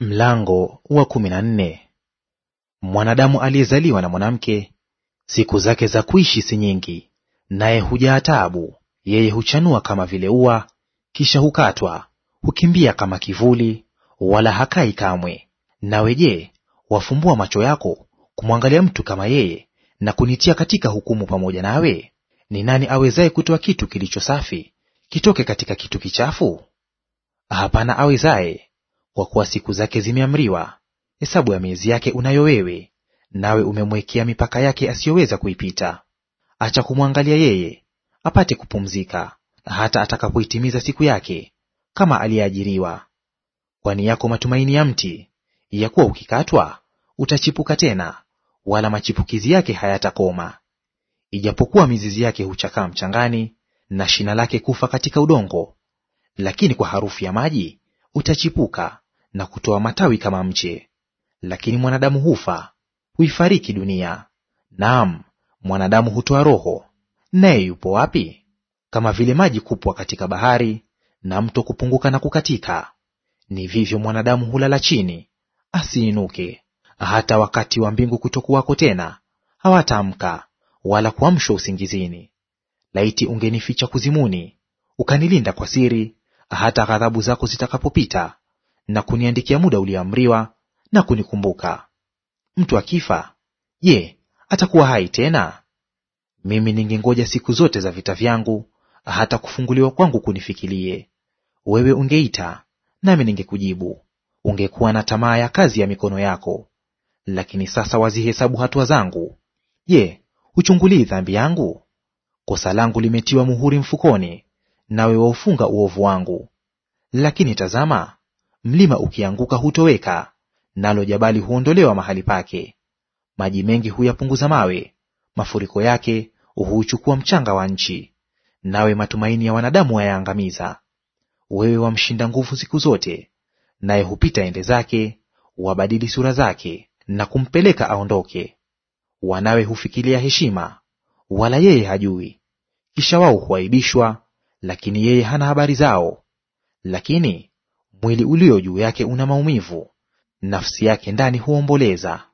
Mlango wa kumi na nne. Mwanadamu aliyezaliwa na mwanamke siku zake za kuishi si nyingi, naye hujaa taabu. Yeye huchanua kama vile ua, kisha hukatwa; hukimbia kama kivuli, wala hakai kamwe. Nawe je, wafumbua macho yako kumwangalia mtu kama yeye, na kunitia katika hukumu pamoja nawe? Ni nani awezaye kutoa kitu kilicho safi kitoke katika kitu kichafu? Hapana awezaye kwa kuwa siku zake zimeamriwa, hesabu ya miezi yake unayo wewe, nawe umemwekea mipaka yake asiyoweza kuipita. Acha kumwangalia yeye apate kupumzika, hata atakapoitimiza siku yake, kama aliyeajiriwa. Kwani yako matumaini ya mti, ya kuwa ukikatwa utachipuka tena, wala machipukizi yake hayatakoma. Ijapokuwa mizizi yake huchakaa mchangani na shina lake kufa katika udongo, lakini kwa harufu ya maji utachipuka na kutoa matawi kama mche. Lakini mwanadamu hufa, huifariki dunia; naam, mwanadamu hutoa roho, naye yupo wapi? Kama vile maji kupwa katika bahari, na mto kupunguka na kukatika, ni vivyo mwanadamu hulala chini asiinuke, hata wakati wa mbingu kutokuwako tena, hawataamka wala kuamshwa usingizini. Laiti ungenificha kuzimuni, ukanilinda kwa siri, hata ghadhabu zako zitakapopita, na kuniandikia muda ulioamriwa na kunikumbuka. Mtu akifa, je, atakuwa hai tena? Mimi ningengoja siku zote za vita vyangu, hata kufunguliwa kwangu kunifikilie. Wewe ungeita nami ningekujibu, ungekuwa na tamaa ya kazi ya mikono yako. Lakini sasa wazihesabu hatua zangu. Je, huchungulii dhambi yangu? Kosa langu limetiwa muhuri mfukoni, nawe waufunga uovu wangu. Lakini tazama, Mlima ukianguka hutoweka, nalo jabali huondolewa mahali pake. Maji mengi huyapunguza mawe, mafuriko yake huuchukua mchanga wa nchi, nawe matumaini ya wanadamu wayaangamiza. Wewe wamshinda nguvu siku zote, naye hupita ende zake, wabadili sura zake na kumpeleka aondoke. Wanawe hufikilia heshima, wala yeye hajui; kisha wao huaibishwa, lakini yeye hana habari zao. Lakini Mwili ulio juu yake una maumivu, nafsi yake ndani huomboleza,